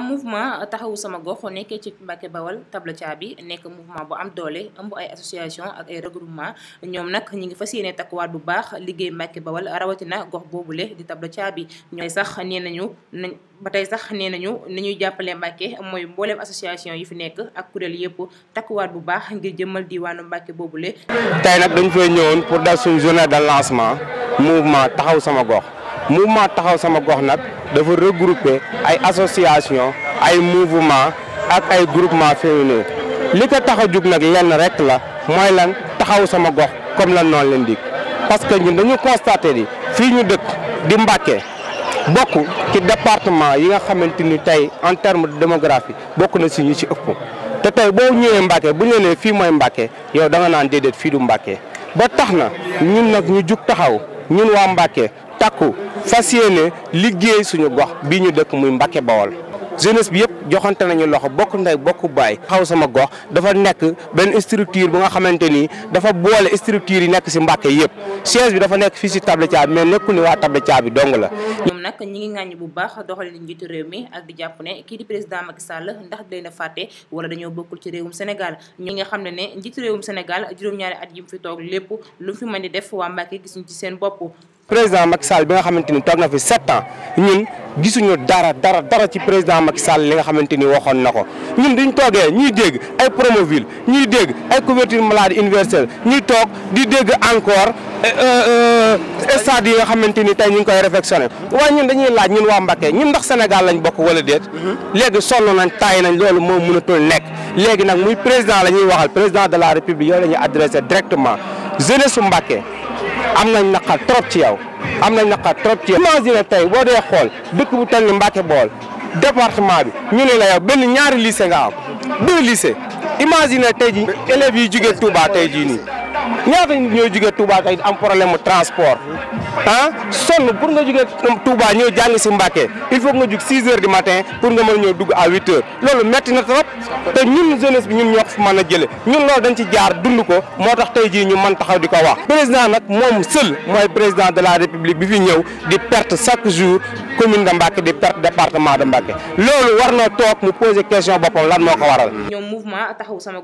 waa mouvement taxawu sama gox nekkee ci Mbacke Bawal Tabla Caabi nekk mouvement bu am doole ëmb ay association ak ay regroupement ñoom nag ñi ngi fas yéene takkuwaat bu baax liggéey Mbacke Bawal rawatina gox le di Tabla Caabi ñooy sax nee nañu nañ ba tey sax nee nañu ni ñuy jàppale Mbacke mooy mbooleem association yi fi nekk ak kuréel yëpp takkuwaat bu baax ngir jëmmal diwaanu Mbacke boobule. tey nag dañ fay ñëwoon pour dal suñu journée de lancement mouvement taxaw sama gox dafa regrouper ay association ay mouvement ak ay groupement féminin li ko tax a jug nag lenn rek la mooy lan taxaw sama gox comme lan noonu leen dig parce que ñun dañu constaté ni fii ñu dëkk di Mbacké bokk ci département yi nga xamante ni tey en terme de démographie bokk na si ñu ci ëpp te tey boo ñëwee Mbacké bu ñu nee fii mooy Mbacké yow danga naan déedéet fii du Mbacké ba tax na ñun nag ñu jug taxaw ñun waa Mbacké takku fas yéene liggéey suñu gox bi ñu dëkk muy Mbacke Bawol jeunesse bi yëpp joxante nañu loxo bokk ndey bokk baay xaw sama gox dafa nekk benn structure bu nga xamante ni dafa boole structure yi nekk si Mbacke yëpp siège bi dafa nekk fii si Table Thiaby mais nekkul ni waa Table Thiaby dong la. ñoom nag ñi ngi ŋàññi bu baax doxalin njiitu réew mi ak di jàpp ne kii di président Macky Sall ndax di leen a fàtte wala dañoo bokkul ci réewum Sénégal ñi nga xam ne ne njiitu réewum Sénégal juróom at yi mu fi toog lépp lu fi mën di def waa Mbacke gisuñ ci seen bopp. président Macky Sall bi nga xamante ni toog na fi sept ans ñun gisuñu dara dara dara ci président Macky Sall li nga xamante ni waxoon na ko ñun duñ toogee ñuy dégg ay Promoville ñuy dégg ay couverture maladie universelle ñuy toog di dégg encore euh, euh, stade yi nga xamante ni tey ñu ngi koy réfectionné waaye ñun dañuy laaj ñun waa Mbacké ñun ndax Sénégal lañ bokk wala déet léegi sonn nañ taay nañ loolu moom mënatul nekk léegi nag muy président la ñuy waxal président de la république yow la ñuy adressé directement jeunesse su Mbacké am nañ naqar trop ci yow am nañ naqar trop ci yow. imagine tey boo dee xool dëkk bu toll ni Mbacke Bool département bi ñu ne la yow benn ñaari lycée nga am deux lycée imagine tey ji élèves yi jugee Touba tey jii nii. ñaata nit ñooy jugee Touba tey am problème mu transport ah sonn pour nga jugee Touba ñëw jàng si Mbàkke il faut nga jug 6 heures du matin pour nga mën ñëw dugg à 8 heures loolu metti na trop te ñun jeunesse bi ñun ñoo ko fi jële ñun loolu dañ ci jaar dund ko moo tax tey jii ñu mën taxaw di ko wax président nag moom seul mooy président de la république bi fi ñëw di perte chaque jour commune de Mbàkke di perte département de Mbàkke loolu war na toog mu poser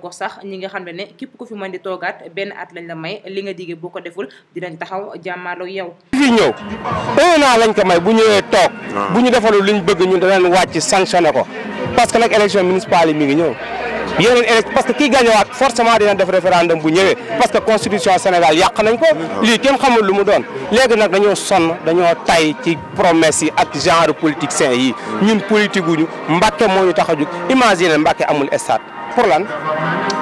ko sax ñi nga xam ne képp ku fi mën di toogaat benn at lañ may li nga digee boo ko deful dinañ taxaw jàmmaarloo yow fii ñëw un an lañ ko may bu ñëwee toog ah. bu ñu defalul liñ bëgg ñun danañ wàcc sanctionné ko parce que nag élection municipale yi mi ngi ñëw yeneen élect parce que kii gàñowaat forcément dina def référendum bu ñëwee parce que constitution Sénégal yàq nañ ko lii kenn xamul lu mu doon léegi nag dañoo sonn dañoo tay ci promesse yi ak genre politicien yi hmm. ñun politique wuñu moo ñu tax a jug imagine Mbàkke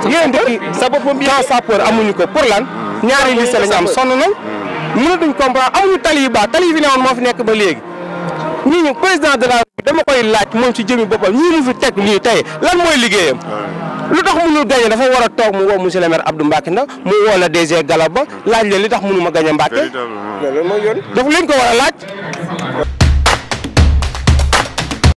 yeneen dëkk yi sans sapeur amuñu ko pour lan hmm. ñaari liste la ñu am sonn nañ mënatuñ comprendre amuñu tali yu baax tali yi fi newoon moo fi nekk ba léegi ñii ñu président de la dama koy laaj moom ci jëmi boppam ñu mu fi teg nii tey lan mooy liggéeyam hmm. lu tax mënul gañe dafa war a toog mu woo monsieur le maire Abdou Mbacke ndax mu woo la DG ba laaj leen li tax mënuma gañe Mbacke dafa leen ko war a laaj